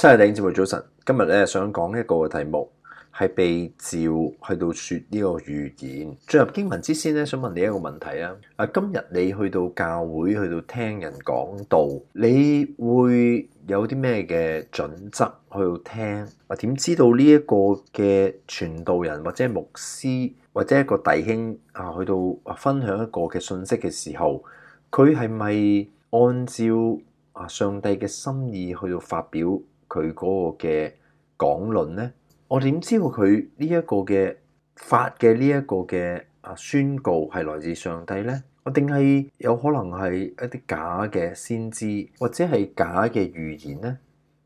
七廿零節目早晨，今日咧想講一個嘅題目係被召去到說呢個預言。進入經文之先，咧，想問你一個問題啊。啊，今日你去到教會去到聽人講道，你會有啲咩嘅準則去到聽？或點知道呢一個嘅傳道人或者牧師或者一個弟兄啊去到分享一個嘅信息嘅時候，佢係咪按照啊上帝嘅心意去到發表？佢嗰個嘅講論呢，我點知道佢呢一個嘅法嘅呢一個嘅啊宣告係來自上帝呢？我定係有可能係一啲假嘅先知，或者係假嘅預言呢？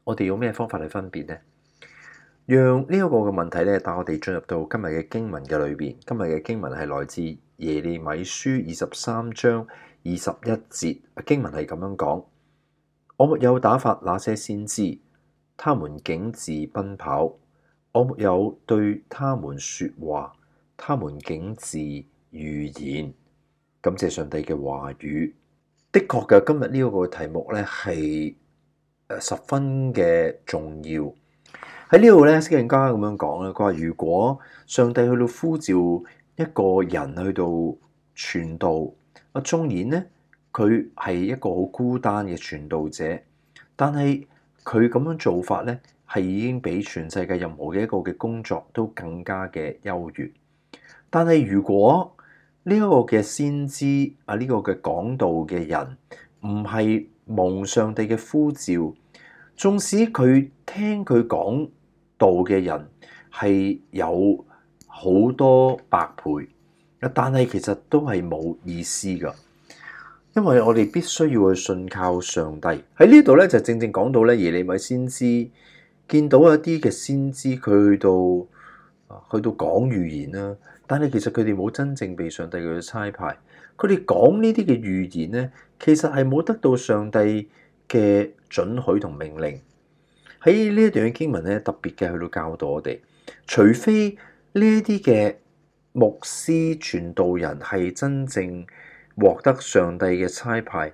我哋用咩方法去分辨呢？讓呢一個嘅問題呢帶我哋進入到今日嘅經文嘅裏邊。今日嘅經文係來自耶利米書二十三章二十一節。經文係咁樣講：我沒有打發那些先知。他們竟自奔跑，我沒有對他們說話，他們竟自預言。感謝上帝嘅話語，的確嘅。今日呢個題目咧係十分嘅重要。喺呢度咧，釋永家咁樣講咧，佢話如果上帝去到呼召一個人去到傳道，阿鍾顯咧，佢係一個好孤單嘅傳道者，但係。佢咁樣做法咧，係已經比全世界任何嘅一個嘅工作都更加嘅優越。但係如果呢一個嘅先知啊，呢個嘅講道嘅人唔係蒙上帝嘅呼召，縱使佢聽佢講道嘅人係有好多百倍，但係其實都係冇意思噶。因為我哋必須要去信靠上帝喺呢度咧，就正正講到咧耶利米先知見到一啲嘅先知，佢去到啊去到講預言啦，但係其實佢哋冇真正被上帝去差派，佢哋講呢啲嘅預言咧，其實係冇得到上帝嘅准許同命令。喺呢一段嘅經文咧，特別嘅去到教導我哋，除非呢一啲嘅牧師傳道人係真正。獲得上帝嘅差派，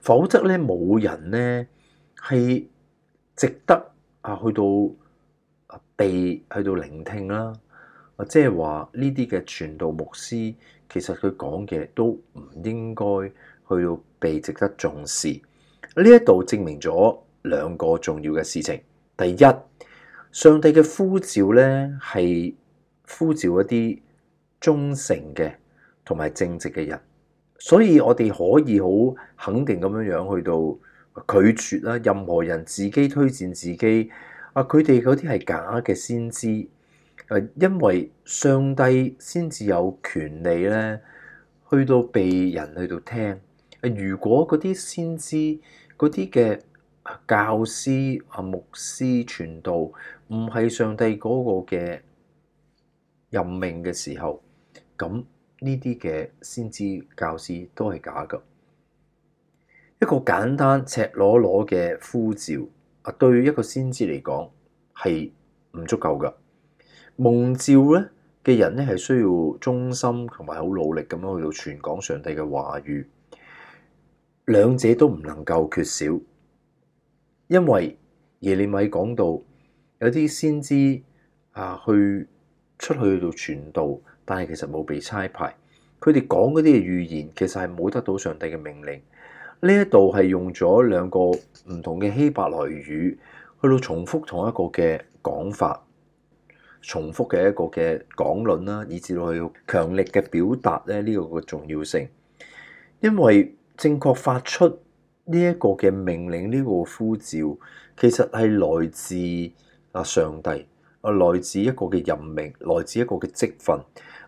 否則咧冇人咧係值得啊去到被去到聆聽啦。啊、就是，即係話呢啲嘅傳道牧師其實佢講嘅都唔應該去到被值得重視。呢一度證明咗兩個重要嘅事情。第一，上帝嘅呼召咧係呼召一啲忠誠嘅同埋正直嘅人。所以我哋可以好肯定咁樣樣去到拒絕啦，任何人自己推薦自己啊，佢哋嗰啲係假嘅先知，誒，因為上帝先至有權利咧，去到被人去到聽。如果嗰啲先知嗰啲嘅教師啊、牧師傳道唔係上帝嗰個嘅任命嘅時候，咁。呢啲嘅先知教師都係假噶。一個簡單赤裸裸嘅呼召啊，對一個先知嚟講係唔足夠噶。蒙召咧嘅人咧係需要忠心同埋好努力咁樣去到傳講上帝嘅話語，兩者都唔能夠缺少。因為耶利米講到有啲先知啊去出去，去到傳道。但係其實冇被差派，佢哋講嗰啲嘅預言其實係冇得到上帝嘅命令。呢一度係用咗兩個唔同嘅希伯來語去到重複同一個嘅講法，重複嘅一個嘅講論啦，以至到去強力嘅表達咧呢個嘅重要性，因為正確發出呢一個嘅命令呢、呢個呼召，其實係來自啊上帝。啊，來自一個嘅任命，來自一個嘅職份。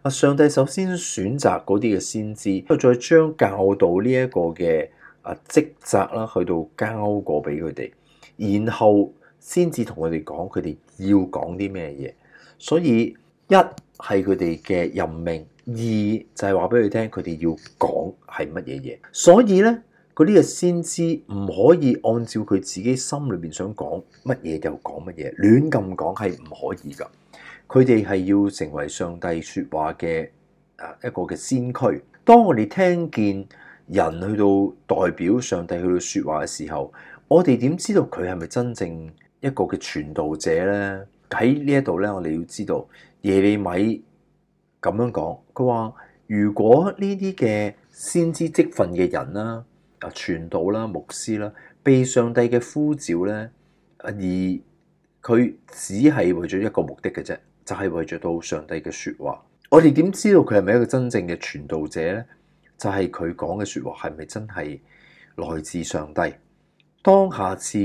啊，上帝首先選擇嗰啲嘅先知，再將教導呢一個嘅啊職責啦，去到交過俾佢哋，然後先至同佢哋講佢哋要講啲咩嘢。所以一係佢哋嘅任命，二就係話俾佢聽，佢哋要講係乜嘢嘢。所以咧。佢呢個先知唔可以按照佢自己心裏邊想講乜嘢就講乜嘢，亂咁講係唔可以噶。佢哋係要成為上帝説話嘅啊一個嘅先驅。當我哋聽見人去到代表上帝去到説話嘅時候，我哋點知道佢係咪真正一個嘅傳道者咧？喺呢一度咧，我哋要知道耶利米咁樣講，佢話：如果呢啲嘅先知積分嘅人啦，啊，傳道啦，牧師啦，被上帝嘅呼召咧，而佢只係為咗一個目的嘅啫，就係、是、為咗到上帝嘅説話。我哋點知道佢係咪一個真正嘅傳道者咧？就係佢講嘅説話係咪真係來自上帝？當下次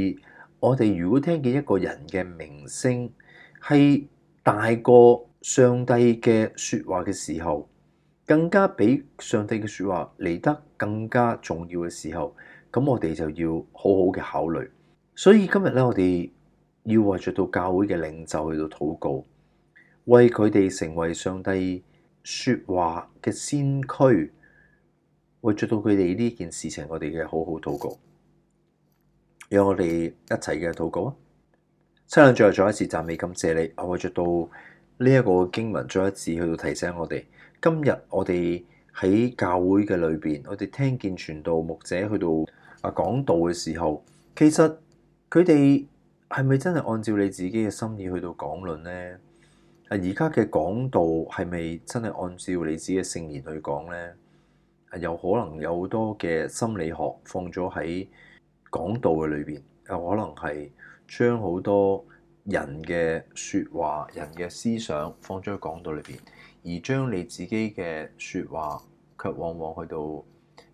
我哋如果聽見一個人嘅名聲係大過上帝嘅説話嘅時候，更加比上帝嘅説話嚟得更加重要嘅時候，咁我哋就要好好嘅考慮。所以今日咧，我哋要為着到教會嘅領袖去到禱告，為佢哋成為上帝説話嘅先驅，為着到佢哋呢件事情，我哋嘅好好禱告。讓我哋一齊嘅禱告啊！親，最後再一次讚美，感謝你。我為着到呢一個經文，再一次去到提醒我哋。今日我哋喺教會嘅裏邊，我哋聽見傳道牧者去到啊講道嘅時候，其實佢哋係咪真係按照你自己嘅心意去到講論呢？而家嘅講道係咪真係按照你自己嘅聖言去講呢？啊，有可能有好多嘅心理學放咗喺講道嘅裏邊，又可能係將好多人嘅説話、人嘅思想放咗喺講道裏邊。而將你自己嘅説話，卻往往去到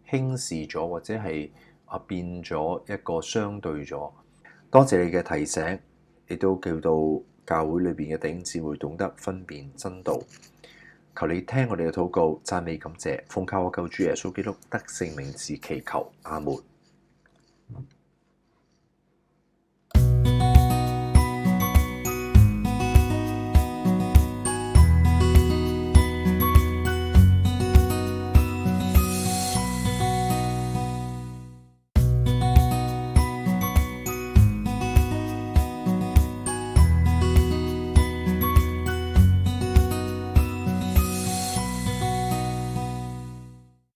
輕視咗，或者係啊變咗一個相對咗。多謝你嘅提醒，亦都叫到教會裏邊嘅弟兄姊妹懂得分辨真道。求你聽我哋嘅禱告、讚美、感謝，奉靠我救主耶穌基督得勝名字祈求，阿門。